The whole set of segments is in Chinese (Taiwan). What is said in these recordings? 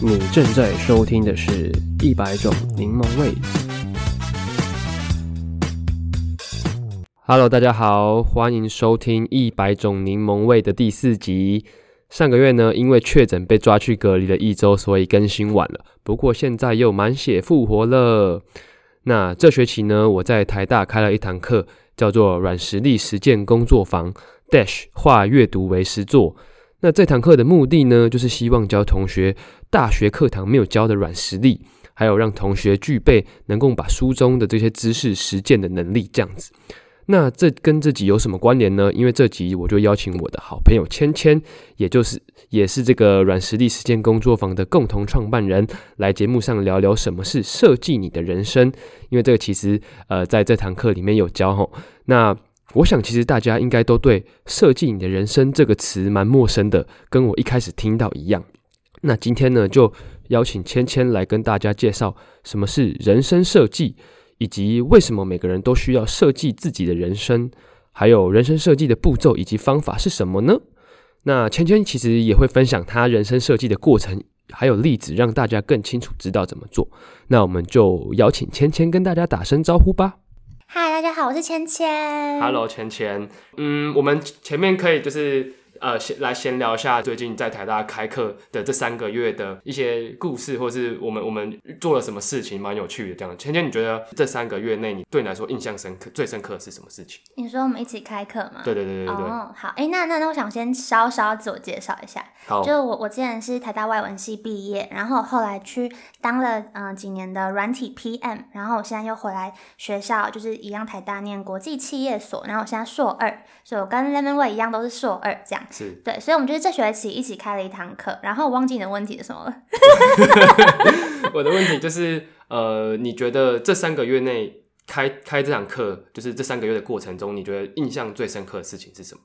你正在收聽的是一百種檸檬味。Hello，大家好，歡迎收聽《一百種檸檬味》的第四集。上個月呢，因為確診被抓去隔離了一周，所以更新晚了。不過現在又滿血復活了。那這學期呢，我在台大開了一堂課，叫做“軟實力實踐工作坊 dash 化閱讀為實作”。那這堂課的目的呢，就是希望教同學大學課堂沒有教的軟實力，還有讓同學具備能夠把書中的這些知識實踐的能力。這樣子，那這跟這集有什麼關聯呢？因為這集我就邀請我的好朋友千千，也就是也是這個軟實力實踐工作坊的共同創辦人，來節目上聊聊什麼是設計你的人生。因為這個其實呃，在這堂課裡面有教吼，那。我想，其實大家應該都對“設計你的人生”這個詞蠻陌生的，跟我一開始聽到一樣。那今天呢，就邀請千千來跟大家介紹什麼是人生設計，以及為什麼每個人都需要設計自己的人生，還有人生設計的步驟以及方法是什麼呢？那千千其實也會分享她人生設計的過程，還有例子，讓大家更清楚知道怎麼做。那我們就邀請千千跟大家打聲招呼吧。嗨，Hi, 大家好，我是千千。Hello，千千。嗯，我們前面可以就是。呃，先來閒聊一下最近在台大開課的這三個月的一些故事，或是我們我們做了什麼事情，蠻有趣的。這樣，千千，你覺得這三個月內你對你來說印象深刻、最深刻是什麼事情？你說我們一起開課嗎？對對對對、oh, 對。嗯，好，哎、欸，那那那，那我想先稍，稍稍自我介紹一下，好就是我我之前是台大外文系畢業，然後後來去當了嗯、呃、幾年的軟體 PM，然後我現在又回來學校，就是一樣台大念國際企業所，然後我現在碩二，所以我跟 Lemonway 一樣都是碩二，這樣。是對，所以我們就是這學期一起開了一堂課，然後我忘記你的問題是什麼了。 我的問題就是，呃，你覺得這三個月內開開這堂課，就是這三個月的過程中，你覺得印象最深刻的事情是什麼？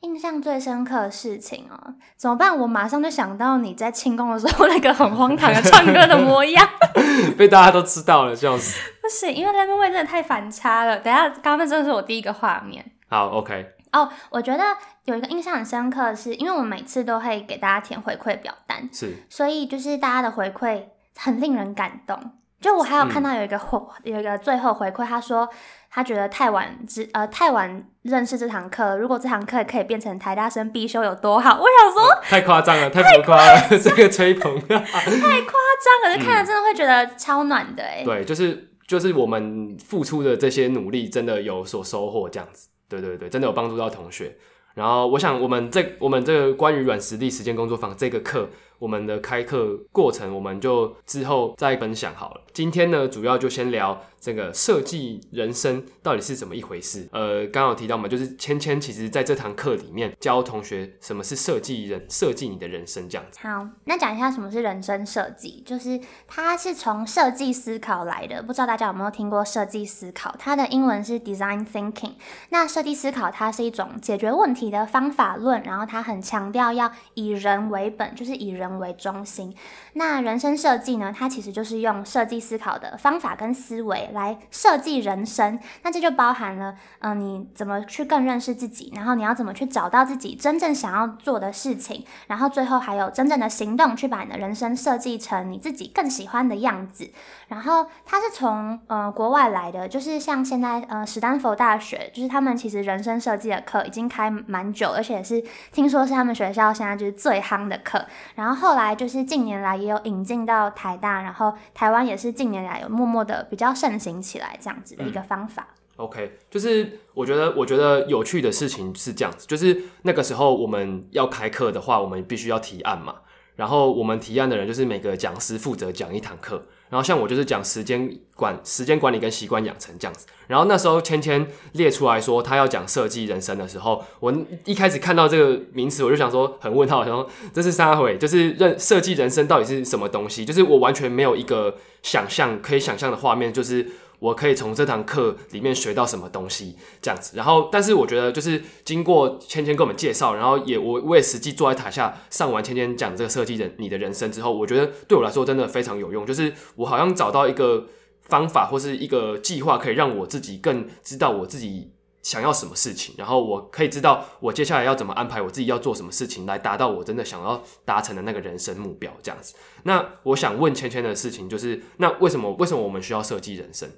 印象最深刻的事情哦，怎麼辦？我馬上就想到你在慶功的時候那個很荒唐的唱歌的模樣， 被大家都知道了，笑死！不是，因為那個味真的太反差了。等下，剛剛那真的是我第一個畫面。好，OK。哦，oh, 我覺得有一個印象很深刻的是，是因為我們每次都會給大家填回饋表單，是，所以就是大家的回饋很令人感動。就我還有看到有一個回，嗯、有一個最後回饋，他說他覺得太晚之，呃，太晚認識這堂課，如果這堂課也可以變成台大生必修，有多好？我想說，嗯、太誇張了，太誇張了， 這個吹捧，啊、太誇張，嗯、可是看了真的會覺得超暖的。對，就是就是我們付出的這些努力，真的有所收穫，這樣子。對對對，真的有幫助到同學。然後，我想我們這、我們這個關於軟實力實踐工作坊這個課，我們的開課過程，我們就之後再分享好了。今天呢，主要就先聊這個設計人生到底是怎麼一回事。呃，剛有提到嘛，就是千千其實在這堂課裡面教同學什麼是設計人、設計你的人生這樣子。好，那講一下什麼是人生設計，就是它是從設計思考來的。不知道大家有沒有聽過設計思考？它的英文是 design thinking。那設計思考它是一種解決問題的方法論，然後它很強調要以人為本，就是以人為中心。那人生設計呢，它其實就是用設計。思考的方法跟思維來設計人生，那這就包含了，嗯、呃，你怎麼去更認識自己，然後你要怎麼去找到自己真正想要做的事情，然後最後還有真正的行動去把你的人生設計成你自己更喜歡的樣子。然後他是從呃國外來的，就是像現在呃史丹佛大學，就是他們其實人生設計的課已經開蠻久，而且是聽說是他們學校現在就是最夯的課。然後後來就是近年來也有引進到台大，然後台灣也是近年來有默默的比較盛行起來這樣子的一個方法。嗯、OK，就是我覺得我覺得有趣的事情是這樣子，就是那個時候我們要開課的話，我們必須要提案嘛。然後我們提案的人就是每個講師負責講一堂課，然後像我就是講時間管、時間管理跟習慣養成這樣子。然後那時候千千列出來說他要講設計人生的時候，我一開始看到這個名詞我就想說很問號，想說這是蝦毀，就是認設計人生到底是什麼東西？就是我完全沒有一個想象可以想象的畫面，就是。我可以從這堂課裡面學到什麼東西？這樣子，然後，但是我覺得就是經過千千跟我們介紹，然後也我我也實際坐在台下上完千千講這個設計人你的人生之後，我覺得對我來說真的非常有用，就是我好像找到一個方法或是一個計劃，可以讓我自己更知道我自己想要什麼事情，然後我可以知道我接下來要怎麼安排我自己要做什麼事情，來達到我真的想要達成的那個人生目標。這樣子，那我想問千千的事情就是，那為什麼為什麼我們需要設計人生？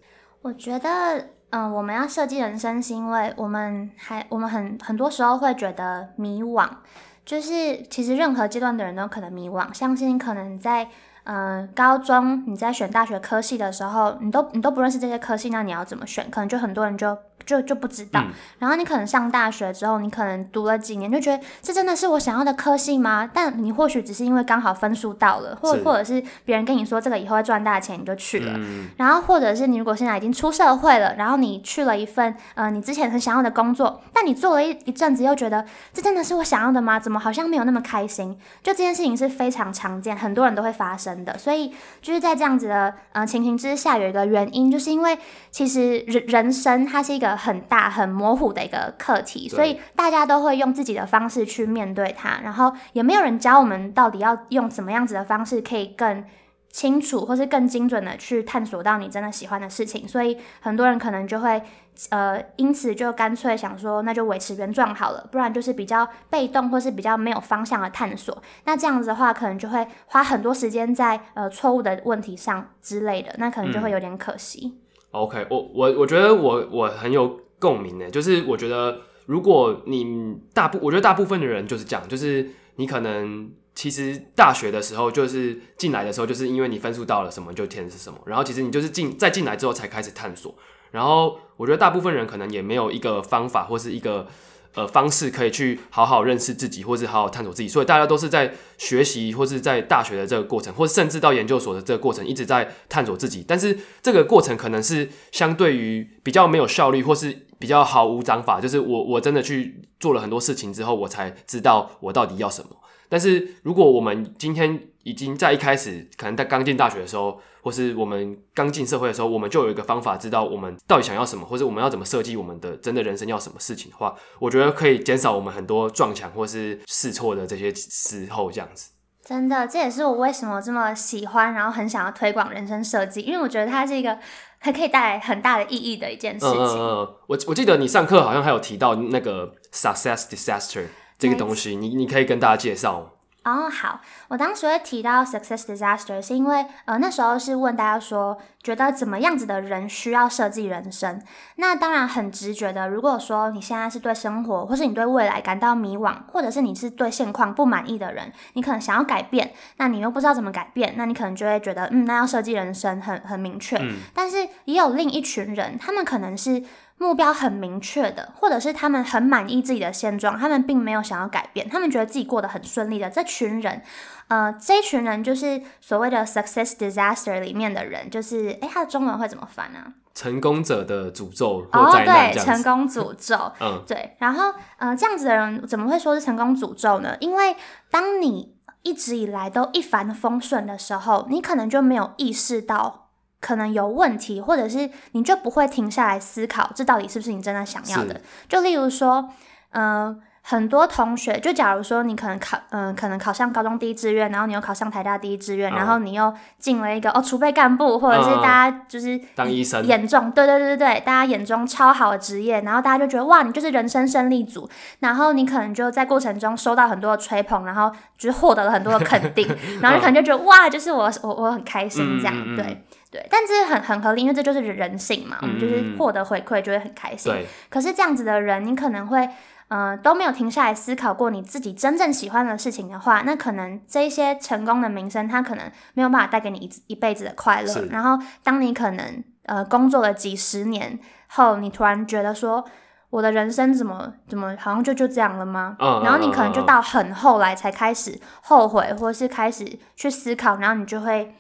我覺得，嗯、呃，我們要設計人生，是因為我們還，我們很，很多時候會覺得迷惘，就是其實任何階段的人都可能迷惘，相信可能在。呃，高中你在選大學科系的時候，你都你都不認識這些科系，那你要怎麼選？可能就很多人就就就不知道。嗯、然後你可能上大學之後，你可能讀了幾年就覺得，這真的是我想要的科系嗎？但你或許只是因為剛好分數到了，或是或者是別人跟你說這個以後會賺大錢，你就去了。嗯、然後或者是你如果現在已經出社會了，然後你去了一份呃你之前很想要的工作，但你做了一一陣子又覺得，這真的是我想要的嗎？怎麼好像沒有那麼開心？就這件事情是非常常見，很多人都會發生。真的，所以就是在這樣子的呃情形之下，有一個原因，就是因為其實人人生它是一個很大、很模糊的一個課題，所以大家都會用自己的方式去面對它，然後也沒有人教我們到底要用什麼樣子的方式可以更。清楚，或是更精準的去探索到你真的喜歡的事情，所以很多人可能就會，呃，因此就乾脆想說，那就維持原狀好了，不然就是比較被動或是比較沒有方向的探索。那這樣子的話，可能就會花很多時間在呃錯誤的問題上之類的，那可能就會有點可惜。嗯、OK，我我我覺得我我很有共鳴的，就是我覺得如果你大部，我覺得大部分的人就是這樣，就是你可能。其實大學的時候，就是進來的時候，就是因為你分數到了什麼就填的是什麼。然後其實你就是進，在進來之後才開始探索。然後我覺得大部分人可能也沒有一個方法或是一個呃方式可以去好好認識自己，或是好好探索自己。所以大家都是在學習或是在大學的這個過程，或是甚至到研究所的這個過程一直在探索自己。但是這個過程可能是相對於比較沒有效率，或是比較毫無章法。就是我我真的去做了很多事情之後，我才知道我到底要什麼。但是，如果我們今天已經在一開始，可能在剛進大學的時候，或是我們剛進社會的時候，我們就有一個方法知道我們到底想要什麼，或是我們要怎麼設計我們的真的人生要什麼事情的話，我覺得可以減少我們很多撞牆或是試錯的這些時候，這樣子。真的，這也是我為什麼這麼喜歡，然後很想要推廣人生設計，因為我覺得它是一個它可以帶來很大的意義的一件事情。嗯，我、嗯嗯、我記得你上課好像還有提到那個 Success Disaster。這個東西，你你可以跟大家介紹哦。Oh, 好，我當時會提到 Success Disaster，是因為呃那時候是問大家說，覺得怎麼樣子的人需要設計人生？那當然很直覺的，如果說你現在是對生活，或是你對未來感到迷惘，或者是你是對現況不滿意的人，你可能想要改變，那你又不知道怎麼改變，那你可能就會覺得，嗯，那要設計人生很很明確。嗯。但是也有另一群人，他們可能是。目標很明確的，或者是他們很滿意自己的現狀，他們並沒有想要改變，他們覺得自己過得很順利的這群人，呃，這群人就是所謂的 success disaster 裡面的人，就是，哎、欸，他的中文會怎麼翻呢？啊。成功者的詛咒或災難哦，oh, 對，成功詛咒。 嗯，對。然後，嗯、呃，這樣子的人怎麼會說是成功詛咒呢？因為當你一直以來都一帆風順的時候，你可能就沒有意識到。可能有問題，或者是你就不會停下來思考，這到底是不是你真的想要的？是就例如說，嗯、呃，很多同學，就假如說你可能考，嗯、呃，可能考上高中第一志願，然後你又考上台大第一志願，oh. 然後你又進了一個哦儲備幹部，或者是大家就是、oh. 呃、當醫生，眼中對對對對對，大家眼中超好的職業，然後大家就覺得哇，你就是人生勝利組，然後你可能就在過程中收到很多的吹捧，然後就是獲得了很多的肯定， 然後你可能就覺得、oh. 哇，就是我我我很開心這樣，嗯、對。嗯對，但這是很很合理，因為這就是人性嘛，嗯，就是獲得回饋就會很開心。對可是這樣子的人，你可能會，嗯、呃，都沒有停下來思考過你自己真正喜歡的事情的話，那可能這一些成功的名聲，他可能沒有辦法帶給你一一輩子的快樂。是然後，當你可能，呃，工作了幾十年後，你突然覺得說，我的人生怎麼怎麼好像就就這樣了嗎？Oh、然後你可能就到很後來才開始後悔，或是開始去思考，然後你就會。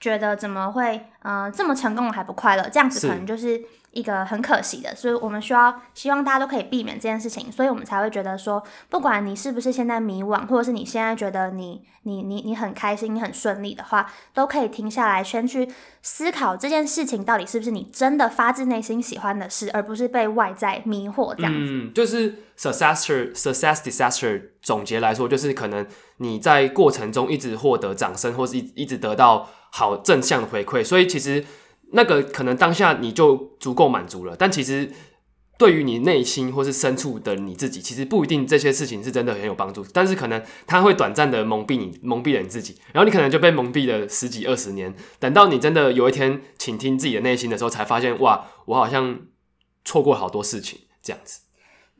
覺得怎麼會，嗯、呃，這麼成功還不快樂？這樣子可能就是，是。一個很可惜的，所以我們需要希望大家都可以避免這件事情，所以我們才會覺得說，不管你是不是現在迷惘，或者是你現在覺得你你你你很開心、你很順利的話，都可以停下來，先去思考這件事情到底是不是你真的發自內心喜歡的事，而不是被外在迷惑這樣子。嗯，就是 successor success disaster 總結來說，就是可能你在過程中一直獲得掌聲，或是一一直得到好正向的回饋，所以其實。那個可能當下你就足夠滿足了，但其實對於你內心或是深處的你自己，其實不一定這些事情是真的很有幫助。但是可能他會短暫的蒙蔽你，蒙蔽了你自己，然後你可能就被蒙蔽了十幾二十年。等到你真的有一天傾聽自己的內心的時候，才發現哇，我好像錯過好多事情這樣子。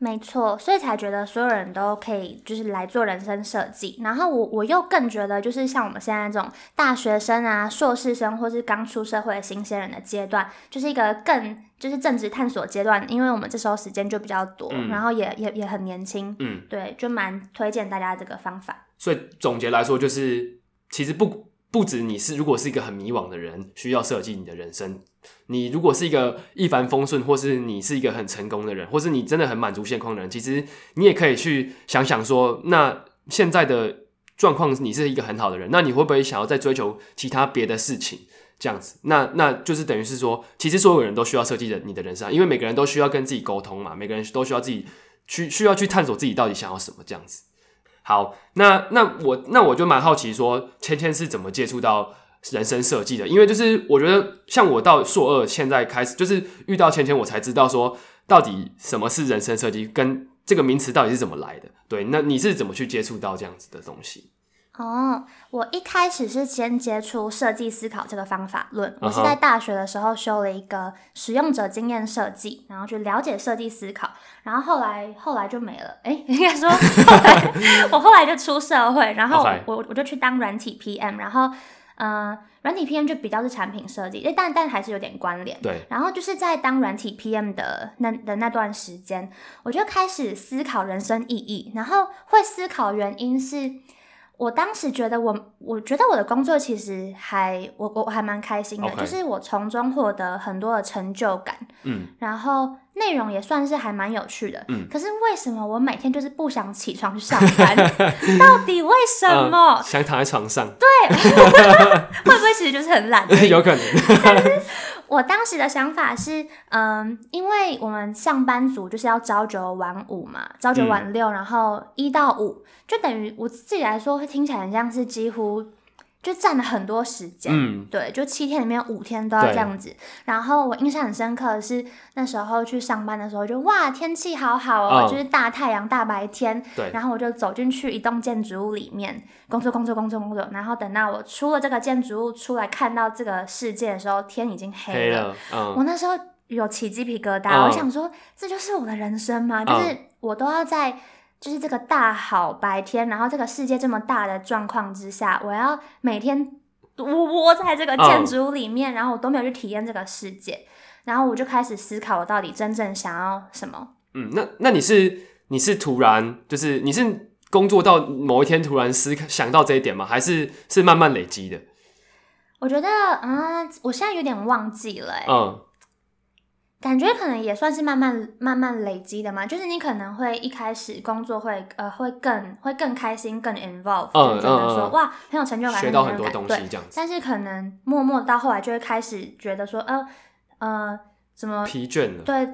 沒錯，所以才覺得所有人都可以，就是來做人生設計。然後我我又更覺得，就是像我們現在這種大學生啊、碩士生，或是剛出社會的新鮮人的階段，就是一個更就是正值探索階段。因為我們這時候時間就比較多，嗯、然後也也也很年輕，嗯，對，就蠻推薦大家這個方法。所以總結來說，就是其實不。不止你是，如果是一個很迷惘的人，需要設計你的人生；你如果是一個一帆風順，或是你是一個很成功的人，或是你真的很滿足現況的人，其實你也可以去想想說，那現在的狀況，你是一個很好的人，那你會不會想要再追求其他別的事情？這樣子，那那就是等於是說，其實所有人都需要設計的你的人生，因為每個人都需要跟自己溝通嘛，每個人都需要自己去需要去探索自己到底想要什麼這樣子。好，那那我那我就蠻好奇說，說千千是怎麼接觸到人生設計的？因為就是我覺得，像我到碩二現在開始，就是遇到千千，我才知道說到底什麼是人生設計，跟這個名詞到底是怎麼來的。對，那你是怎麼去接觸到這樣子的東西？哦，oh, 我一開始是先接觸設計思考這個方法論，uh huh. 我是在大學的時候修了一個使用者經驗設計，然後去了解設計思考，然後後來後來就沒了。哎、欸，應該說， 後來我後來就出社會，然後我 Okay. 我，我就去當軟體 PM，然後嗯，呃、軟體 PM 就比較是產品設計，但但還是有點關聯。對，然後就是在當軟體 PM 的那的那段時間，我就開始思考人生意義，然後會思考原因是。我當時覺得我，我我覺得我的工作其實還我我還蠻開心的，Okay. 就是我從中獲得很多的成就感。嗯，然後內容也算是還蠻有趣的。嗯，可是為什麼我每天就是不想起床去上班？ 到底為什麼？呃，想躺在床上？對， 會不會其實就是很懶？ 有可能。 我當時的想法是，嗯，因為我們上班族就是要朝九晚五嘛，朝九晚六，然後一到五，嗯，就等於我自己來說會聽起來很像是幾乎。就占了很多時間，嗯，對，就七天裡面五天都要這樣子。對然後我印象很深刻的是，那時候去上班的時候就，就哇，天氣好好哦，oh. 就是大太陽、大白天。對。然後我就走進去一棟建築物裡面，工作、工作、工作、工作。然後等到我出了這個建築物出來，看到這個世界的時候，天已經黑了。黑了 oh. 我那時候有起雞皮疙瘩，oh. 我想說，這就是我的人生嗎？Oh. 就是我都要在。就是這個大好白天，然後這個世界這麼大的狀況之下，我要每天窩窩在這個建築裡面，Oh. 然後我都沒有去體驗這個世界，然後我就開始思考，我到底真正想要什麼？嗯，那那你是你是突然就是你是工作到某一天突然思考想到這一點嗎？還是是慢慢累積的？我覺得啊、嗯，我現在有點忘記了、欸，嗯。Oh. 感覺可能也算是慢慢慢慢累積的嘛，就是你可能會一開始工作會呃會更會更開心更 involved，、呃、就覺得說、呃、哇很有成就感，學到很多東西這樣子。但是可能默默到後來就會開始覺得說呃呃怎麼疲倦了？對，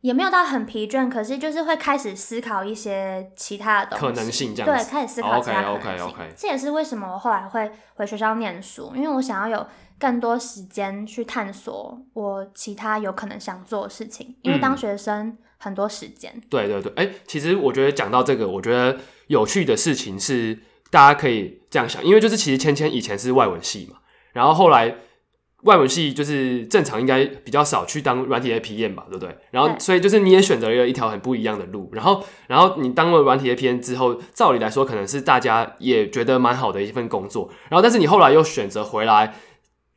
也沒有到很疲倦，可是就是會開始思考一些其他的東西，可能性這樣子。對，開始思考、哦、okay, 其他可能性。Okay, okay, okay。這也是為什麼我後來會回學校念書，因為我想要有。更多時間去探索我其他有可能想做的事情，因為當學生很多時間，嗯。對對對，哎，欸，其實我覺得講到這個，我覺得有趣的事情是大家可以這樣想，因為就是其實千千以前是外文系嘛，然後後來外文系就是正常應該比較少去當軟體 PM 吧，對不對？然後對所以就是你也選擇了一條很不一樣的路，然後然後你當了軟體 PM 之後，照理來說可能是大家也覺得蠻好的一份工作，然後但是你後來又選擇回來。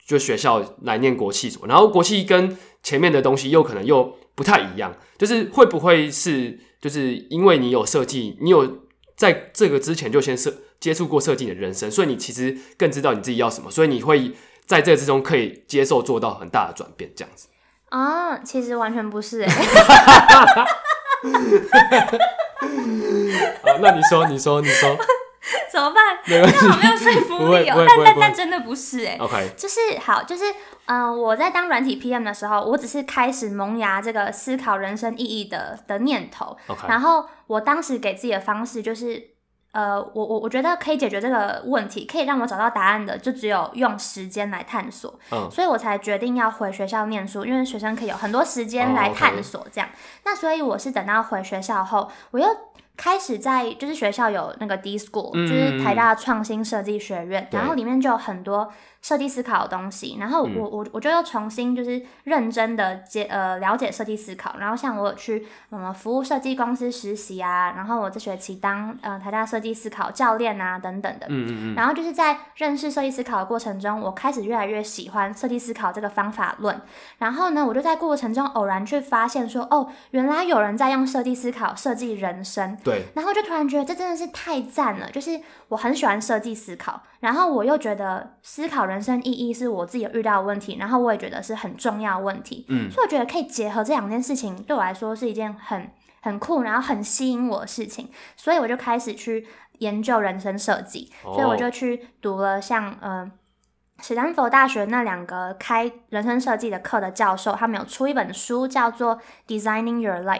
就學校來念國企，然後國企跟前面的東西又可能又不太一樣，就是會不會是就是因為你有設計，你有在這個之前就先設接觸過設計的人生，所以你其實更知道你自己要什麼，所以你會在這之中可以接受做到很大的轉變，這樣子啊、哦，其實完全不是哎、欸， 好，那你說，你說，你說。 怎麼辦？那好沒，沒有說服力哦、喔會。但會但會但真的不是哎、欸。Okay. 就是好，就是嗯、呃，我在當軟體 PM 的時候，我只是開始萌芽這個思考人生意義的的念頭。Okay. 然後我當時給自己的方式就是，呃，我我我覺得可以解決這個問題，可以讓我找到答案的，就只有用時間來探索。嗯、所以我才決定要回學校念書，因為學生可以有很多時間來探索這樣。Oh, okay. 那所以我是等到回學校後，我又。開始在就是學校有那個 D School，嗯、就是台大創新設計學院，對然後裡面就有很多。設計思考的東西，然後我、嗯、我我就又重新就是認真的解，呃了解設計思考，然後像我有去什麼、嗯、服務設計公司實習啊，然後我這學期當呃台大設計思考教練啊等等的，嗯嗯嗯然後就是在認識設計思考的過程中，我開始越來越喜歡設計思考這個方法論，然後呢我就在過程中偶然去發現說哦原來有人在用設計思考設計人生，對，然後就突然覺得這真的是太讚了，就是我很喜歡設計思考，然後我又覺得思考人。人生意義是我自己遇到的問題，然後我也覺得是很重要的問題，嗯，所以我覺得可以結合這兩件事情，對我來說是一件很很酷，然後很吸引我的事情，所以我就開始去研究人生設計，哦，所以我就去讀了像嗯。呃史丹佛大學那兩個開人生設計的課的教授，他們有出一本書，叫做《Designing Your Life》。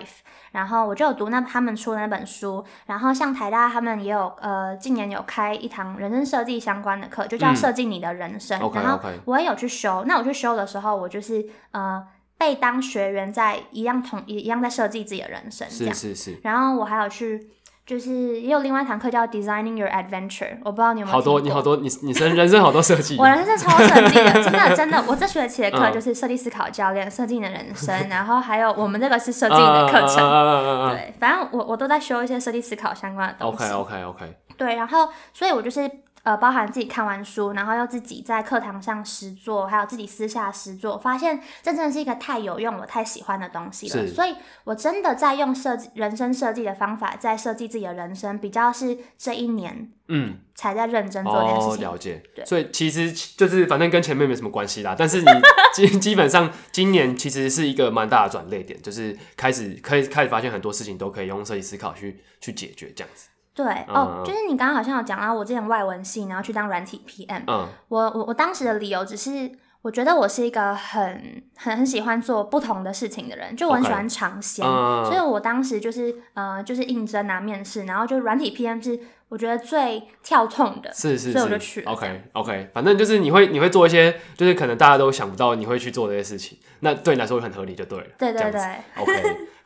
然後我就有讀那他們出的那本書。然後像台大他們也有，呃，近年有開一堂人生設計相關的課，就叫《設計你的人生》嗯。然後我也有去修。Okay, okay. 那我去修的時候，我就是呃，被當學員在一樣同一樣在設計自己的人生，這樣，是是。是是，然後我還有去。就是也有另外一堂課叫 Designing Your Adventure，我不知道你們好多你好多你你生人生好多設計， 我人生超設計的，真的 真的，我這學期的課就是設計思考教練，設計你的人生，然後還有我們這個是設計你的課程， 對，反正我我都在修一些設計思考相關的東西。OK OK OK。對，然後所以我就是。呃，包含自己看完書，然後要自己在課堂上實作，還有自己私下實作，發現這真的是一個太有用了、我太喜歡的東西了。是所以，我真的在用設計人生設計的方法，在設計自己的人生。比較是這一年，嗯，才在認真做這件事情、嗯哦。了解，對所以其實就是反正跟前面沒什麼關係啦。但是你基 基本上今年其實是一個蠻大的轉捩點，就是開始可以開始發現很多事情都可以用設計思考去去解決，這樣子。對哦，oh, oh, 就是你剛剛好像有講到我之前外文系，然後去當軟體 PM，oh. 我。我我我當時的理由只是，我覺得我是一個很很很喜歡做不同的事情的人，就我很喜歡嘗鮮，Okay . oh. 所以我當時就是呃就是應徵啊面試，然後就軟體 PM 是。我覺得最跳痛的，是是是，所以我就去了。OK OK，反正就是你會，你會做一些，就是可能大家都想不到你會去做這些事情。那對你來說會很合理就對了。對對對，OK。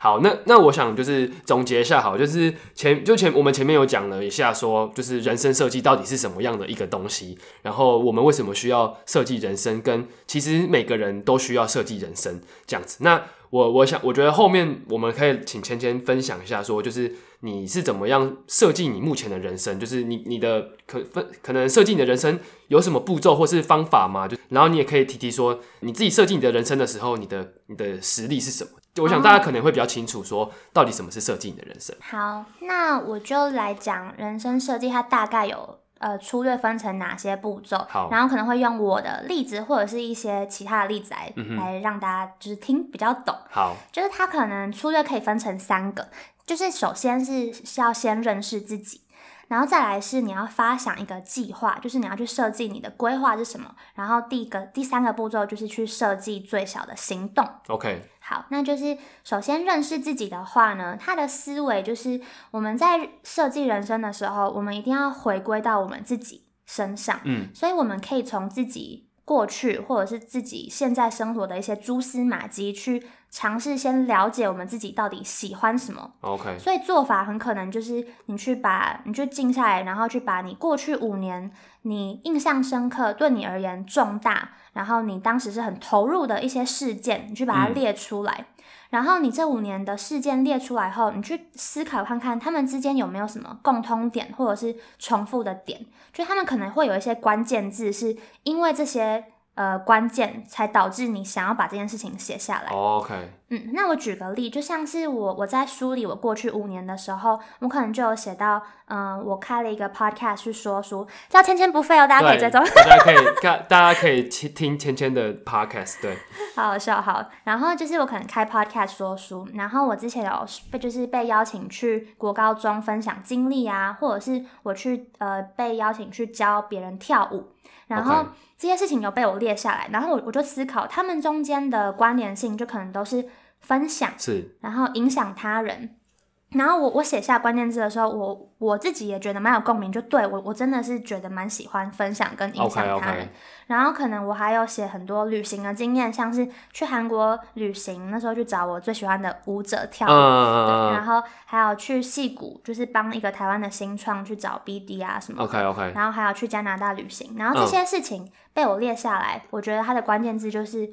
好，那那我想就是總結一下，好，就是前就前我們前面有講了一下說，說就是人生設計到底是什麼樣的一個東西，然後我們為什麼需要設計人生，跟其實每個人都需要設計人生這樣子。那我我想我覺得後面我們可以請千千分享一下，說就是。你是怎麼樣設計你目前的人生？就是你你的可分可能設計你的人生有什麼步驟或是方法嗎？就然後你也可以提提說你自己設計你的人生的時候，你的你的實力是什麼？就我想大家可能會比較清楚說，說、哦、到底什麼是設計你的人生。好，那我就來講人生設計，它大概有呃粗略分成哪些步驟？好，然後可能會用我的例子或者是一些其他的例子來、嗯、哼來讓大家就是聽比較懂。好，就是它可能粗略可以分成三個。就是首先是是要先認識自己，然後再來是你要發想一個計劃，就是你要去設計你的規劃是什麼。然後第一個、第三個步驟就是去設計最小的行動。OK，好，那就是首先認識自己的話呢，他的思維就是我們在設計人生的時候，我們一定要回歸到我們自己身上。嗯，所以我們可以從自己過去或者是自己現在生活的一些蛛絲馬跡去。嘗試先了解我們自己到底喜歡什麼。OK，所以做法很可能就是你去把，你去靜下來，然後去把你過去五年你印象深刻、對你而言重大，然後你當時是很投入的一些事件，你去把它列出來。嗯、然後你這五年的事件列出來後，你去思考看看他們之間有沒有什麼共通點，或者是重複的點，就他們可能會有一些關鍵字，是因為這些。呃，關鍵才導致你想要把這件事情寫下來。Oh, okay. 嗯，那我舉個例，就像是我我在書裡，我過去五年的時候，我可能就有寫到，嗯、呃，我開了一個 podcast 去說書，叫“千千不廢哦”，大家可以這種對， 大家可以看，大家可以去聽千千的 podcast，對，好笑、啊、好。然後就是我可能開 podcast 說書，然後我之前有被就是被邀請去國高中分享經歷啊，或者是我去呃被邀請去教別人跳舞，然後這些事情有被我列下來，然後我我就思考他們中間的關聯性，就可能都是。分享是然後影響他人，然後我我寫下關鍵字的時候，我我自己也覺得蠻有共鳴，就對我我真的是覺得蠻喜歡分享跟影響他人。Okay, okay. 然後可能我還有寫很多旅行的經驗，像是去韓國旅行，那時候去找我最喜歡的舞者跳舞，uh, uh, uh, 然後還有去矽谷，就是幫一個台灣的新創去找 BD 啊什麼的。OK OK。然後還有去加拿大旅行，然後這些事情被我列下來，uh, 我覺得它的關鍵字就是。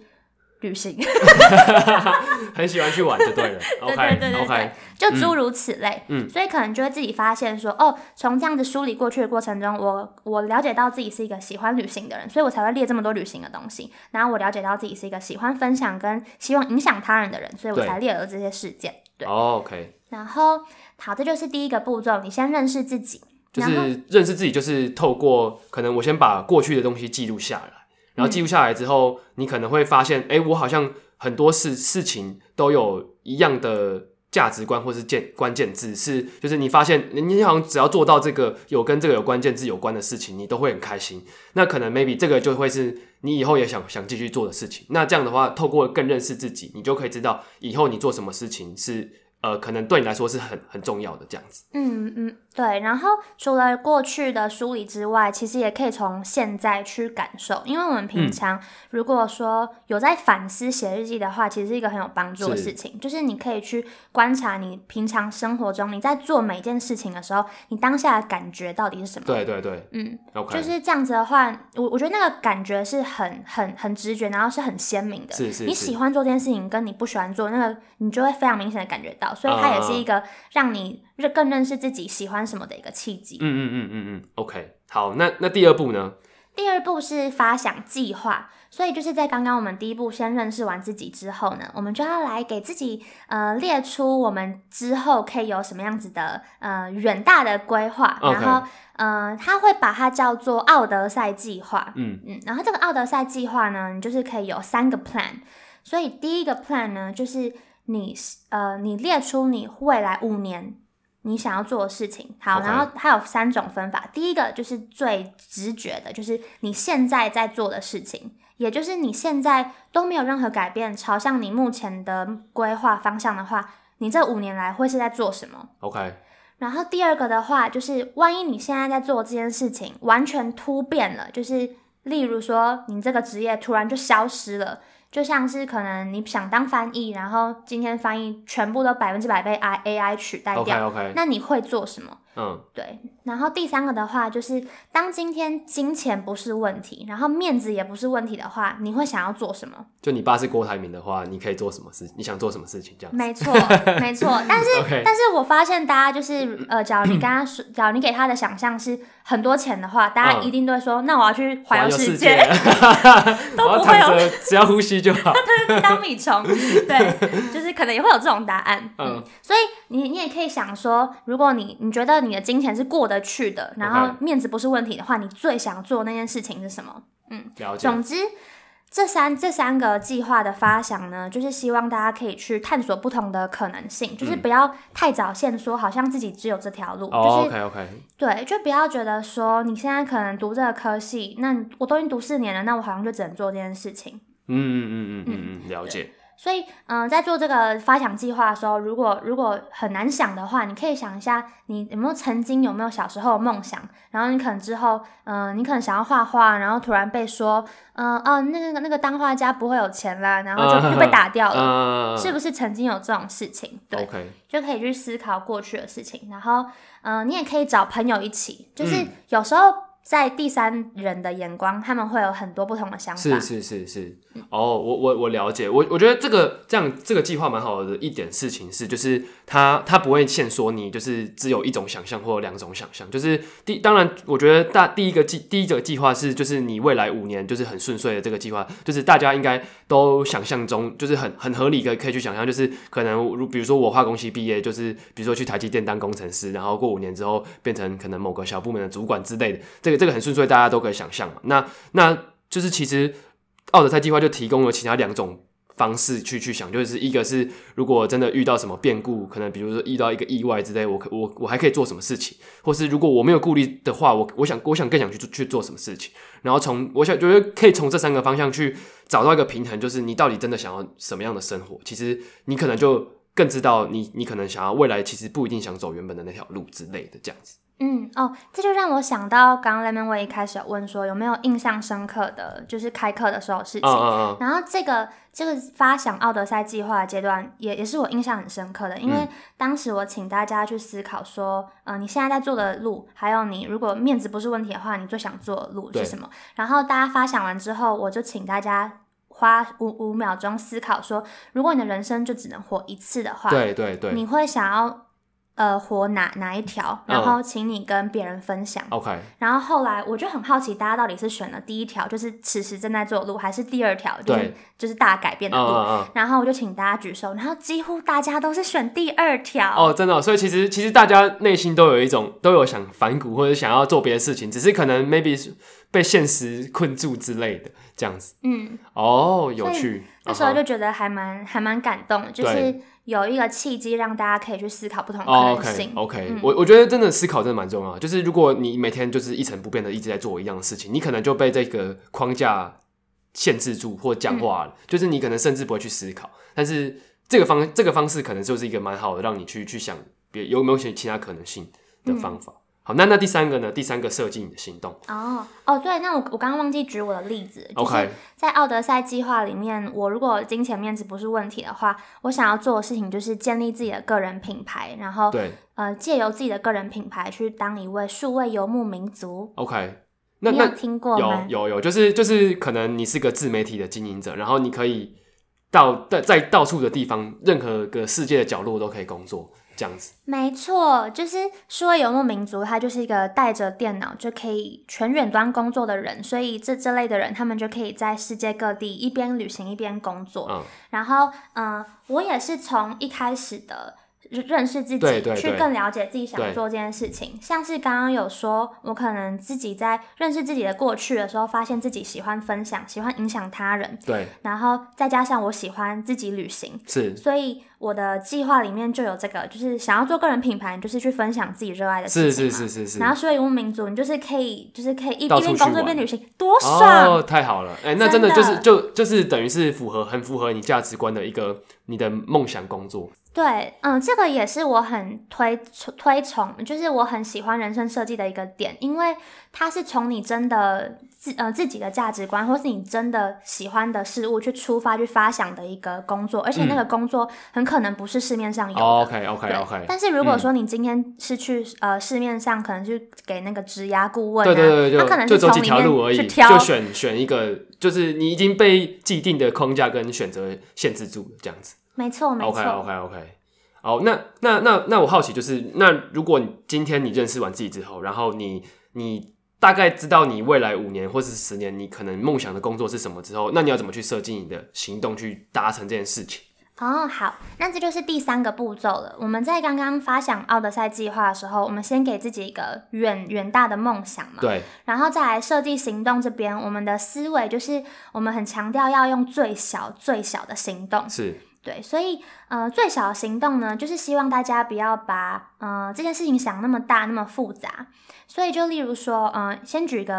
旅行， 很喜歡去玩，就對了。Okay, 對對對對 okay, 就諸如此類。嗯，所以可能就會自己發現說，哦，從這樣子梳理過去的過程中，我我了解到自己是一個喜歡旅行的人，所以我才會列這麼多旅行的東西。然後我了解到自己是一個喜歡分享跟希望影響他人的人，所以我才列了這些事件。對，對、oh,，OK。然後好，這就是第一個步驟，你先認識自己。就是認識自己，就是透過可能我先把過去的東西記錄下來了。然後記錄下來之後，嗯、你可能會發現，哎、欸，我好像很多事事情都有一樣的價值觀，或是關關鍵字，是就是你發現你，你好像只要做到這個有跟這個有關鍵字有關的事情，你都會很開心。那可能 maybe 這個就會是你以後也想想繼續做的事情。那這樣的話，透過更認識自己，你就可以知道以後你做什麼事情是呃，可能對你來說是很很重要的這樣子。嗯嗯。對，然後除了過去的梳理之外，其實也可以從現在去感受，因為我們平常如果說有在反思寫日記的話，其實是一個很有幫助的事情，是就是你可以去觀察你平常生活中你在做每一件事情的時候，你當下的感覺到底是什麼？對對對，嗯，Okay. 就是這樣子的話，我我覺得那個感覺是很很很直覺，然後是很鮮明的。是，是是，你喜歡做這件事情，跟你不喜歡做那個，你就會非常明顯的感覺到，所以它也是一個讓你、uh-huh. 就更認識自己喜歡什麼的一個契機。嗯。嗯嗯嗯嗯嗯。OK，好，那那第二步呢？第二步是發想計劃，所以就是在剛剛我們第一步先認識完自己之後呢，我們就要來給自己呃列出我們之後可以有什麼樣子的呃遠大的規劃。OK 然後呃，他會把它叫做奧德賽計劃。嗯嗯。然後這個奧德賽計劃呢，你就是可以有三個 plan。所以第一個 plan 呢，就是你呃你列出你未來五年。你想要做的事情，好，Okay. 然後還有三種分法。第一個就是最直覺的，就是你現在在做的事情，也就是你現在都沒有任何改變，朝向你目前的規劃方向的話，你這五年來會是在做什麼？OK。然後第二個的話，就是萬一你現在在做這件事情完全突變了，就是例如說你這個職業突然就消失了。就像是可能你想當翻譯，然後今天翻譯全部都百分之百被 AI 取代掉，Okay, okay. 那你會做什麼？嗯，對。然後第三個的話，就是當今天金錢不是問題，然後面子也不是問題的話，你會想要做什麼？就你爸是郭台銘的話，你可以做什麼事情？你想做什麼事情？這樣？沒錯，沒錯。但是，Okay. 但是我發現大家就是呃，假如你跟他說， 假如你給他的想象是很多錢的話，大家一定都會說，嗯、那我要去環遊世界，世界 都不會有， 只要呼吸就好。 當米蟲。對，就是可能也會有這種答案。嗯，嗯，所以你你也可以想說，如果你你覺得。你的金錢是過得去的，然後面子不是問題的話，Okay. 你最想做那件事情是什麼？嗯，了解。總之，這三這三個計劃的發想呢，就是希望大家可以去探索不同的可能性，嗯、就是不要太早限縮，好像自己只有這條路。Oh, 就是、OK OK。對，就不要覺得說你現在可能讀這個科系，那我都已經讀四年了，那我好像就只能做這件事情。嗯嗯嗯嗯嗯嗯，嗯嗯嗯嗯了解。所以，嗯、呃，在做這個發想計劃的時候，如果如果很難想的話，你可以想一下，你有沒有曾經有沒有小時候的夢想，然後你可能之後，嗯、呃，你可能想要畫畫，然後突然被說，嗯、呃、哦，那個那個當畫家不會有錢啦，然後就、uh, 就被打掉了，uh, uh, 是不是曾經有這種事情？對，okay. 就可以去思考過去的事情，然後，嗯、呃，你也可以找朋友一起，就是有時候。嗯在第三人的眼光，他們會有很多不同的想法。是是是是，哦，我我我了解。我我覺得這個這樣這個計劃蠻好的一點事情是，就是他他不會限縮你就是只有一種想象或兩種想象就是第當然，我覺得大第一個計第一個計劃是，就是你未來五年就是很順遂的這個計劃，就是大家應該都想象中，就是很很合理的可以去想象就是可能如比如說我化工系畢業，就是比如說去台積電當工程師，然後過五年之後變成可能某個小部門的主管之類的這個。這個很順遂，大家都可以想象嘛。那那，就是其實奧德賽計劃就提供了其他兩種方式去去想，就是一個是如果真的遇到什麼變故，可能比如說遇到一個意外之類，我可我我還可以做什麼事情，或是如果我沒有顧慮的話，我我想我想更想去去做什麼事情。然後從我想覺得可以從這三個方向去找到一個平衡，就是你到底真的想要什麼樣的生活，其實你可能就更知道你你可能想要未來其實不一定想走原本的那條路之類的這樣子。嗯哦，這就讓我想到剛剛 Lemonway 一開始有問說有沒有印象深刻的，就是開課的時候事情，哦哦哦，然後這個這個發想奧德賽計劃階段也也是我印象很深刻的，因為當時我請大家去思考說，嗯、呃，你現在在做的路，還有你如果面子不是問題的話，你最想做的路是什麼？對然後大家發想完之後，我就請大家花五五秒鐘思考說，如果你的人生就只能活一次的話，對對對，你會想要。呃，活哪哪一條？然後請你跟別人分享。嗯、OK。然後後來我就很好奇，大家到底是選了第一條，就是此時正在做的路，還是第二條，就是對就是大改變的路？嗯嗯嗯嗯、然後我就請大家舉手，然後幾乎大家都是選第二條。哦，真的、哦，所以其實其實大家內心都有一種，都有想反骨或者想要做別的事情，只是可能 maybe 被現實困住之類的這樣子。嗯。哦，有趣。以啊、好那時候就覺得還蠻還蠻感動，就是。有一個契機，讓大家可以去思考不同的可能性。Oh, OK，okay，嗯、我我覺得真的思考真的蠻重要。就是如果你每天就是一成不變的一直在做一樣的事情，你可能就被這個框架限制住或僵化了。嗯、就是你可能甚至不會去思考。但是這個方這個方式可能就是一個蠻好的，讓你去去想別有沒有些其他可能性的方法。嗯好，那那第三個呢？第三個設計你的行動。哦哦，對，那我我剛剛忘記舉我的例子。OK，在奧德賽計劃裡面，我如果金錢面子不是問題的話，我想要做的事情就是建立自己的個人品牌，然後對，呃，借由自己的個人品牌去當一位數位游牧民族。OK，那你有聽過嗎？有有有，就是就是，可能你是個自媒體的經營者，然後你可以到在在到處的地方，任何個世界的角落都可以工作。這樣子，沒錯，就是說遊牧民族，他就是一個帶着電腦就可以全遠端工作的人，所以這這類的人，他們就可以在世界各地一邊旅行一邊工作。嗯、然後，嗯、呃，我也是從一開始的認識自己，對對對，去更了解自己想做這件事情。對對對，像是剛剛有說，我可能自己在認識自己的過去的時候，發現自己喜歡分享，喜歡影響他人。對，然後再加上我喜歡自己旅行，是，所以。我的計劃裡面就有這個，就是想要做個人品牌，就是去分享自己熱愛的事情嘛。是是是是是。然後，所以無名族，你就是可以，就是可以一邊工作一邊旅行，多爽！哦，太好了，哎、欸，那真的就是的就就是等於是符合很符合你價值觀的一個你的夢想工作。對，嗯，這個也是我很推崇推崇，就是我很喜歡人生設計的一個點，因為。它是從你真的自呃自己的價值觀，或是你真的喜歡的事物去出發去發想的一個工作，而且那個工作很可能不是市面上有的。嗯對哦、OK OK OK。但是如果說你今天是去、嗯、呃市面上，可能去給那個職涯顧問、啊，對對，他可能就挑幾條路而已，挑就選選一個，就是你已經被既定的框架跟選擇限制住這樣子。沒錯，沒錯，OK OK OK、oh。好，那那那那我好奇就是，那如果今天你認識完自己之後，然後你你。大概知道你未來五年或是十年，你可能夢想的工作是什麼之後，那你要怎麼去設計你的行動去達成這件事情？哦，好，那這就是第三個步驟了。我們在剛剛發想奧德賽計劃的時候，我們先給自己一個遠，遠大的夢想嘛，對，然後再來設計行動這邊，我們的思維就是我們很強調要用最小最小的行動，是對，所以呃最小的行動呢，就是希望大家不要把嗯、呃、這件事情想那麼大那麼複雜。所以，就例如說，嗯、呃，先舉個，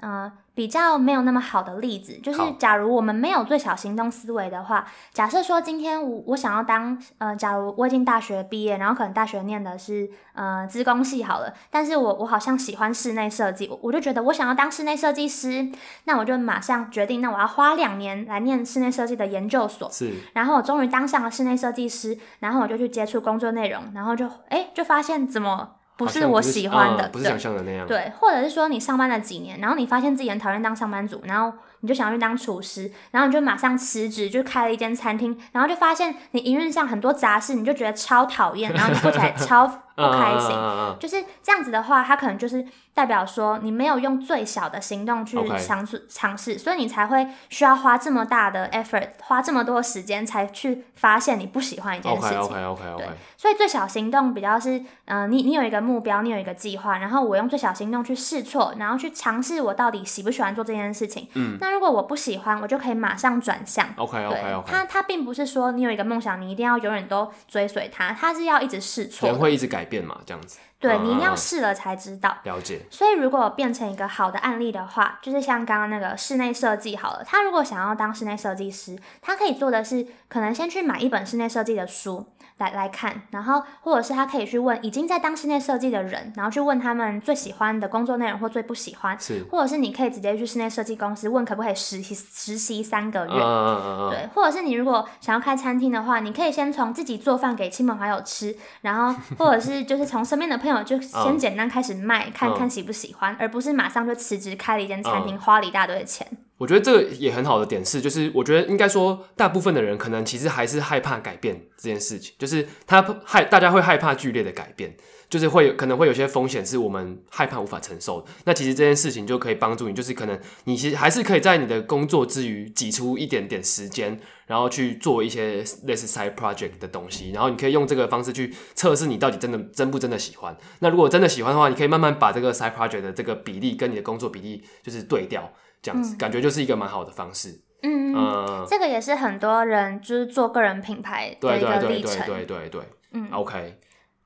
嗯、呃，比較沒有那麼好的例子，就是，假如我們沒有最小行動思維的話，好假設說今天我我想要當，嗯、呃，假如我已經大學畢業，然後可能大學唸的是，嗯、呃，資工系好了，但是我我好像喜歡室內設計，我我就覺得我想要當室內設計師，那我就馬上決定，那我要花兩年來念室內設計的研究所，是然後我終於當上了室內設計師，然後我就去接觸工作內容，然後就，誒就發現怎麼？不是我喜歡的不、嗯，不是想象的那樣。對。對，或者是說你上班了幾年，然後你發現自己很討厭當上班族，然後你就想要去當廚師，然後你就馬上辭職，就開了一間餐廳，然後就發現你營運上很多雜事，你就覺得超討厭，然後你做起來超。 不、oh, uh, 開心，uh, uh, uh, uh, 就是這樣子的話，他可能就是代表說你沒有用最小的行動去嘗試嘗試，okay. 所以你才會需要花這麼大的 effort，花這麼多時間才去發現你不喜歡一件事情。OK OK OK OK, okay. 對，所以最小行動比較是，嗯、呃，你你有一個目標，你有一個計劃，然後我用最小行動去試錯，然後去嘗試我到底喜不喜歡做這件事情。嗯、那如果我不喜歡，我就可以馬上轉向。OK OK OK, okay. 他他並不是說你有一個夢想，你一定要永遠都追隨他，他是要一直試錯。會一直改。改變嘛，這樣子。對，你一定要試了才知道。啊啊啊，了解。所以如果變成一個好的案例的話，就是像剛剛那個室內設計好了，他如果想要當室內設計師，他可以做的是，可能先去買一本室內設計的書來來看，然後或者是他可以去問已經在當室內設計的人，然後去問他們最喜歡的工作內容或最不喜歡。是。或者是你可以直接去室內設計公司問可不可以實習，實習三個月。啊啊啊啊啊，對。或者是你如果想要開餐廳的話，你可以先從自己做飯給親朋好友吃，然後或者是就是從身邊的朋友 就先簡單開始賣，uh, 看看喜不喜歡，uh, 而不是馬上就辭職開了一間餐廳，花了一大堆的錢。我覺得這個也很好的點是，就是我覺得應該說，大部分的人可能其實還是害怕改變這件事情，就是他害大家會害怕劇烈的改變。就是會有可能會有些風險是我們害怕無法承受的。那其實這件事情就可以幫助你，就是可能你其實還是可以在你的工作之餘擠出一點點時間，然後去做一些類似 side project 的東西。嗯、然後你可以用這個方式去測試你到底真的真不真的喜歡。那如果真的喜歡的話，你可以慢慢把這個 side project 的這個比例跟你的工作比例就是對調，這樣子、嗯、感覺就是一個蠻好的方式。嗯，嗯，這個也是很多人就是做個人品牌的一個歷程，對對對對對對對。嗯，OK。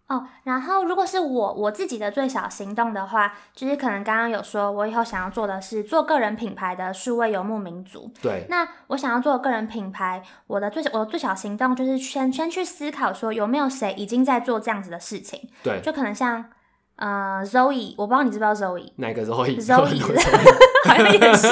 哦，oh, 然後如果是我我自己的最小行動的話，就是可能剛剛有說，我以後想要做的是做個人品牌的數位遊牧民族。對，那我想要做個人品牌，我的最小我的最小行動就是先先去思考說，有沒有誰已經在做這樣子的事情。對，就可能像呃，Zoe，我不知道你知不知道 Zoe，哪個 Zoe？Zoe 好像也是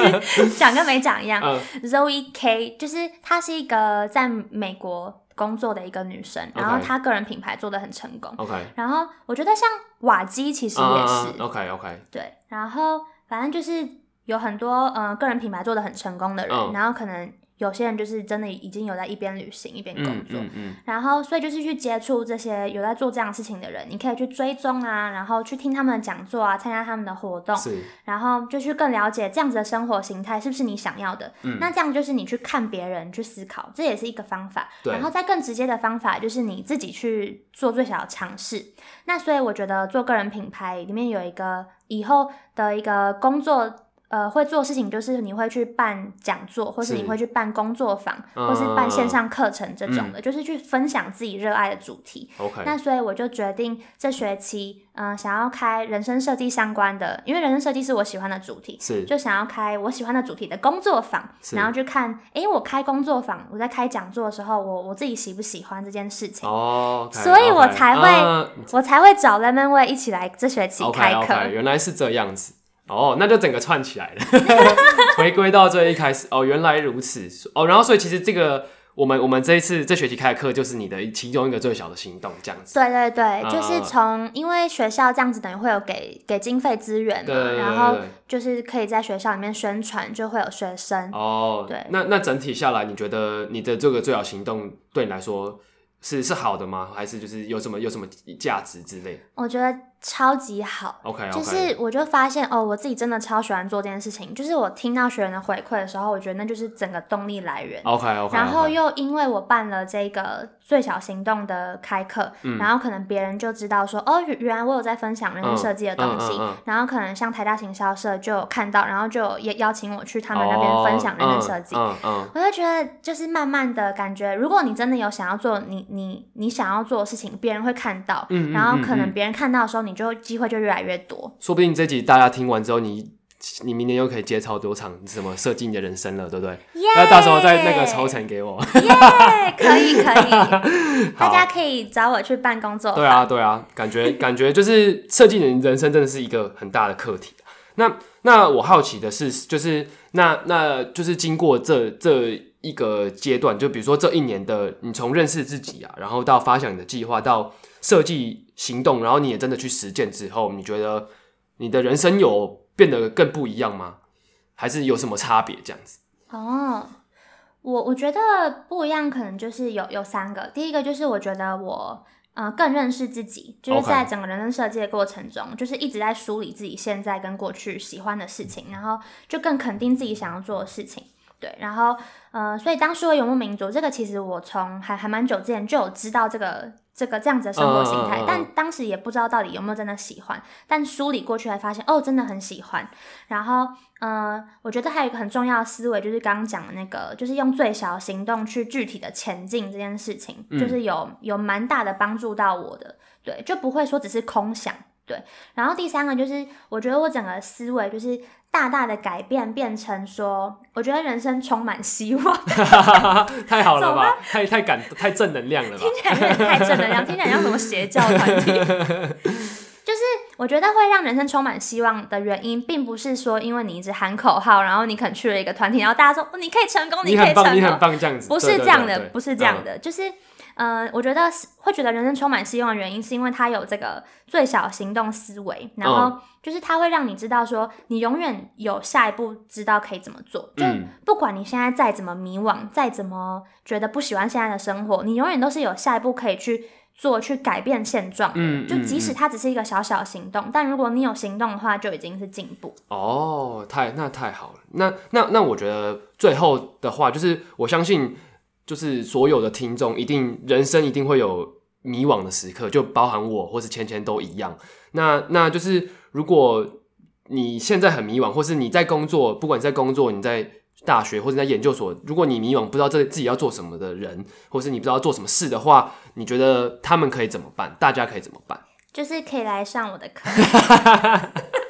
講 跟沒講一樣。Uh, Zoe K，就是他是一個在美國。工作的一個女生，然後她個人品牌做的很成功。Okay. 然後我覺得像瓦基其實也是。Uh, okay, okay. 對，然後反正就是有很多嗯、呃、個人品牌做的很成功的人，Oh. 然後可能。有些人就是真的已經有在一邊旅行，一邊工作，嗯，嗯嗯，然後所以就是去接觸這些有在做這樣的事情的人，你可以去追蹤啊，然後去聽他們的講座啊，參加他們的活動，是，然後就去更了解這樣子的生活形態是不是你想要的。嗯，那這樣就是你去看別人去思考，這也是一個方法。對，然後再更直接的方法就是你自己去做最小的嘗試。那所以我覺得做個人品牌裡面有一個以後的一個工作。呃，會做的事情就是你會去辦講座，或是你會去辦工作坊，是或是辦線上課程這種的，嗯、就是去分享自己熱愛的主題。OK，那所以我就決定這學期，嗯、呃，想要開人生設計相關的，因為人生設計是我喜歡的主題，是就想要開我喜歡的主題的工作坊，是然後就看，哎、欸，我開工作坊，我在開講座的時候，我我自己喜不喜歡這件事情哦，oh, okay, okay, 所以我才會、uh、我才會找 Lemonway 一起來這學期開課，okay, okay, 原來是這樣子。哦，那就整個串起來了。 回歸到這一開始。哦，原來如此。哦，然後所以其實這個我們我們這一次這學期開的課就是你的其中一個最小的行動，這樣子。對對對，啊、就是從因為學校這樣子等於會有給給經費資源嘛，對對對對，然後就是可以在學校裡面宣傳，就會有學生。哦，對。那那整體下來，你覺得你的這個最小行動對你來說是是好的嗎？還是就是有什麼有什麼價值之類的？我覺得。超級好，okay, okay. 就是我就發現哦，我自己真的超喜歡做這件事情。就是我聽到學員的回饋的時候，我覺得那就是整個動力來源。Okay, okay, 然後又因為我辦了這個最小行動的開課，嗯、然後可能別人就知道說哦，原來我有在分享人生設計的東西。嗯嗯嗯嗯嗯、然後可能像台大行銷社就有看到，然後就也邀請我去他們那邊分享人生設計。哦嗯嗯嗯嗯、我就覺得就是慢慢的感覺，如果你真的有想要做你你你想要做的事情，別人會看到。嗯嗯嗯、然後可能別人看到的時候，你、嗯。嗯嗯就機會就越來越多，說不定這集大家聽完之後你，你你明年又可以接超多場什麼設計你的人生了，對不對？Yeah! 那到時候再那個抽成給我。可 以、yeah! 可以，可以 好大家可以找我去辦工作。對啊對啊，感覺感覺就是設計你的人生真的是一個很大的課題。 那那我好奇的是，就是那那就是經過這這，一個，階段，就比如說這一年的，你從認識自己啊，然後到發想你的計劃，到設計行動，然後你也真的去實踐之後，你覺得你的人生有變得更不一樣嗎？還是有什麼差別這樣子？哦、oh,，我我覺得不一樣，可能就是有有三個。第一個就是我覺得我呃更認識自己，就是在整個人生設計的過程中，Okay. 就是一直在梳理自己現在跟過去喜歡的事情，然後就更肯定自己想要做的事情。對，然後，呃，所以當說游牧民族，這個其實我從還還蠻久之前就有知道這個這個這樣子的生活形態，uh, uh, uh, uh. 但當時也不知道到底有沒有真的喜歡，但梳理過去才發現，哦，真的很喜歡。然後，呃，我覺得還有一個很重要的思維，就是剛剛講的那個，就是用最小行動去具體的前進這件事情，就是有、嗯、有蠻大的幫助到我的，對，就不會說只是空想，對。然後第三個就是，我覺得我整個思維就是。大大的改變，變成說，我覺得人生充滿希望， 太好了吧？ 太太感，太正能量了吧？聽起來有點太正能量， 聽起來像什麼邪教團體？ 就是我覺得會讓人生充滿希望的原因，並不是說因為你一直喊口號，然後你肯去了一個團體，然後大家說你可以成功，你可以成功，你很棒這樣子，不是這樣的，對對對對，不是這樣的，就、嗯、是。嗯呃，我覺得會覺得人生充滿希望的原因，是因為他有這個最小行動思維，然後就是他會讓你知道說，你永遠有下一步，知道可以怎麼做。嗯、就不管你現在再怎麼迷惘，再怎麼覺得不喜歡現在的生活，你永遠都是有下一步可以去做，去改變現狀。嗯，就即使它只是一個小小行動，嗯、但如果你有行動的話，就已經是進步。哦，太那太好了。那那那，那我覺得最後的話，就是我相信。就是所有的聽眾一定人生一定會有迷惘的時刻，就包含我或是千千都一樣。那那就是如果你現在很迷惘，或是你在工作，不管你在工作、你在大學或者在研究所，如果你迷惘不知道自自己要做什麼的人，或是你不知道做什麼事的話，你覺得他們可以怎麼辦？大家可以怎麼辦？就是可以來上我的課。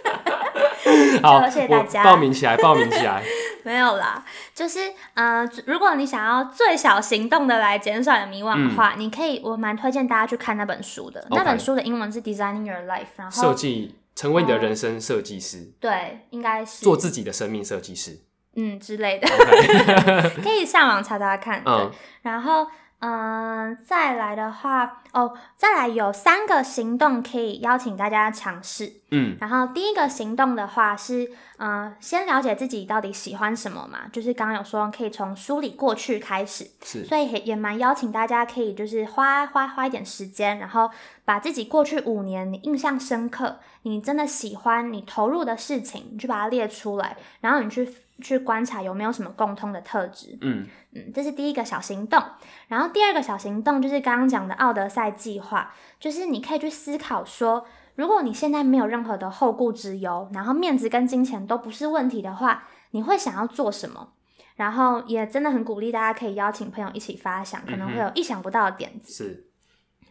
好， 謝謝大家！報名起來，報名起來！ 沒有啦，就是嗯、呃，如果你想要最小行動的來減少你的迷惘的話，嗯、你可以，我蠻推薦大家去看那本書的。Okay. 那本書的英文是 Designing Your Life，然後設計成為你的人生設計師、嗯。對，應該是做自己的生命設計師，嗯之類的，Okay. 可以上網查查看。對嗯，然後。嗯、呃，再來的話哦，再來有三個行動可以邀請大家嘗試。嗯，然後第一個行動的話是，嗯、呃，先了解自己到底喜歡什麼嘛，就是剛剛有說可以從梳理過去開始，是，所以也也蠻邀請大家可以就是花花花一點時間，然後。把自己過去五年你印象深刻、你真的喜歡、你投入的事情，你去把它列出來，然後你去去觀察有沒有什麼共通的特質。嗯。嗯嗯，這是第一個小行動。然後第二個小行動就是剛剛講的奧德賽計劃，就是你可以去思考說，如果你現在沒有任何的後顧之憂，然後面子跟金錢都不是問題的話，你會想要做什麼？然後也真的很鼓勵大家可以邀請朋友一起發想，可能會有意想不到的點子。嗯，是。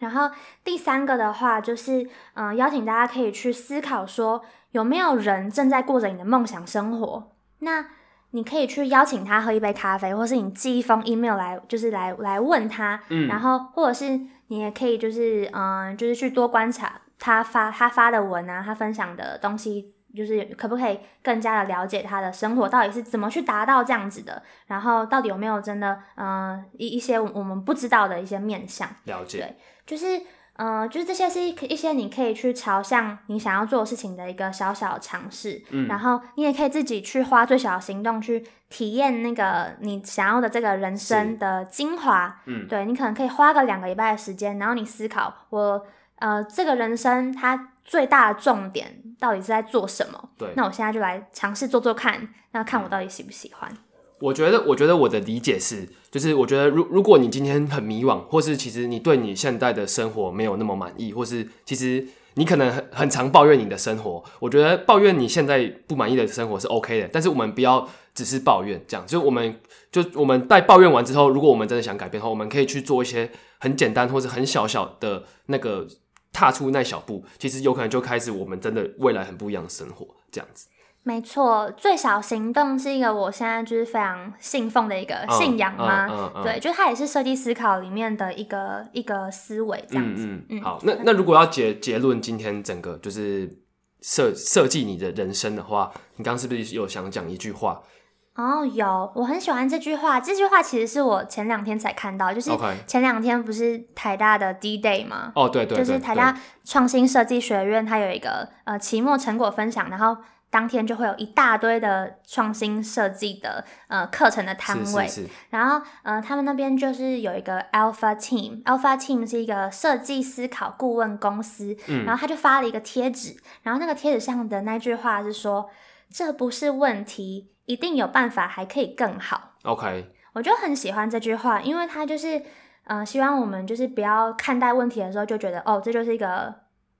然後第三個的話就是，嗯、呃，邀請大家可以去思考說，有沒有人正在過着你的夢想生活？那你可以去邀請他喝一杯咖啡，或是你寄一封 email 來，就是來來問他。嗯、然後，或者是你也可以，就是，嗯、呃，就是去多觀察他發他發的文啊，他分享的東西，就是可不可以更加的了解他的生活到底是怎麼去達到這樣子的？然後，到底有沒有真的，嗯、呃，一一些我們不知道的一些面向？了解。對。就是，嗯、呃，就是這些是一一些你可以去朝向你想要做的事情的一個小小嘗試，嗯，然後你也可以自己去花最小的行動去體驗那個你想要的這個人生的精華，嗯，對，你可能可以花個兩個禮拜的時間，然後你思考我，呃，這個人生它最大的重點到底是在做什麼？對，那我現在就來嘗試做做看，那看我到底喜不喜歡。嗯我覺得，我覺得我的理解是，就是我覺得如，如如果你今天很迷惘，或是其實你對你現在的生活沒有那麼滿意，或是其實你可能很很常抱怨你的生活，我覺得抱怨你現在不滿意的生活是 OK 的，但是我們不要只是抱怨這樣，就是我們就我們在抱怨完之後，如果我們真的想改變的話，我們可以去做一些很簡單或者很小小的那個踏出那小步，其實有可能就開始我們真的未來很不一樣的生活這樣子。沒錯，最小行動是一個我現在就是非常信奉的一個信仰嘛，嗯嗯嗯嗯、對，就它也是設計思考裡面的一個一個思維這樣子。嗯嗯，好，嗯、那、嗯、那如果要結結論，今天整個就是設設計你的人生的話，你剛剛是不是有想講一句話？哦，有，我很喜歡這句話。這句話其實是我前兩天才看到，就是前兩天不是台大的 D Day 嘛？哦，對對，就是台大創新設計學院它有一個呃期末成果分享，然後。當天就會有一大堆的創新設計的呃課程的攤位，是是是，然後呃他們那邊就是有一個 Alpha Team, Alpha Team，Alpha Team 是一個設計思考顧問公司，嗯，然後他就發了一個貼紙，然後那個貼紙上的那句話是說：“這不是問題，一定有辦法，還可以更好。” OK，我就很喜歡這句話，因為他就是呃希望我們就是不要看待問題的時候就覺得哦，這就是一個。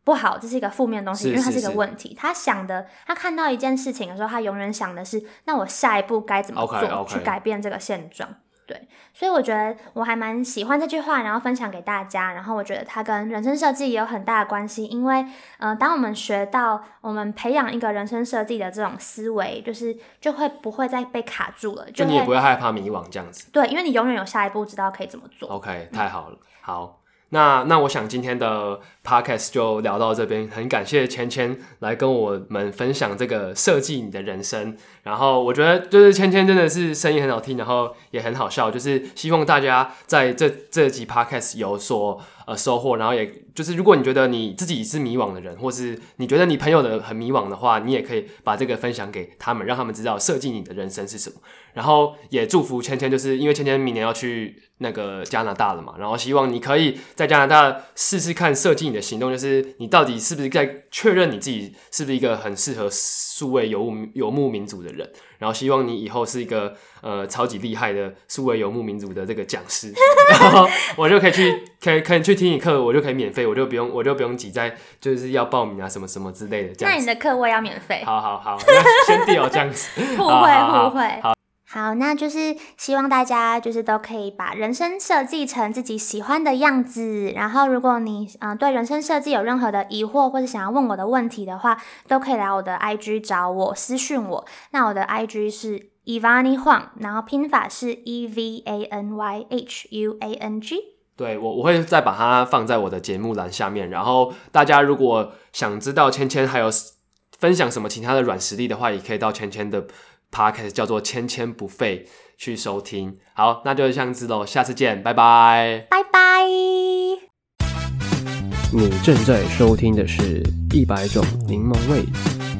不好，這是一個負面的東西，因為它是一個問題。是是是他想的，他看到一件事情的時候，他永遠想的是：那我下一步該怎麼做 Okay, okay. 去改變這個現狀？對，所以我覺得我還蠻喜歡這句話，然後分享給大家。然後我覺得它跟人生設計也有很大的關係，因為，呃，當我們學到我們培養一個人生設計的這種思維，就是就會不會再被卡住了，就你也不會害怕迷惘這樣子。對，因為你永遠有下一步，知道可以怎麼做。OK，太好了，嗯、好，那那我想今天的。Podcast 就聊到這邊，很感謝千千來跟我們分享這個設計你的人生。然後我覺得就是千千真的是聲音很好聽，然後也很好笑。就是希望大家在這這集 Podcast 有所呃收穫。然後也就是如果你覺得你自己是迷惘的人，或是你覺得你朋友的很迷惘的話，你也可以把這個分享給他們，讓他們知道設計你的人生是什麼。然後也祝福千千，就是因為千千明年要去那個加拿大了嘛，然後希望你可以在加拿大試試看設計。的行動就是，你到底是不是在確認你自己是不是一個很適合數位游牧游牧民族的人？然後希望你以後是一個呃超級厲害的數位游牧民族的這個講師，然後 我就可以去，可以可以去聽你課，我就可以免費，我就不用，我就不用擠在就是要報名啊什麼什麼之類的這樣。那你的課我也要免費， 好好好，那先弟哦，這樣子，不 會 好，好，好。好好，那就是希望大家就是都可以把人生設計成自己喜歡的樣子。然後，如果你嗯、呃、對人生設計有任何的疑惑或者想要問我的問題的話，都可以來我的 IG 找我私訊我。那我的 IG 是 Evany Huang，然後拼法是 E V A N Y H U A N G。對，我我會再把它放在我的節目欄下面。然後大家如果想知道千千還有分享什麼其他的軟實力的話，也可以到千千的。它開始叫做“千千不廢”，去收聽。好，那就這樣子嘍，下次見，拜拜，拜拜 bye。你正在收聽的是一百種檸檬味。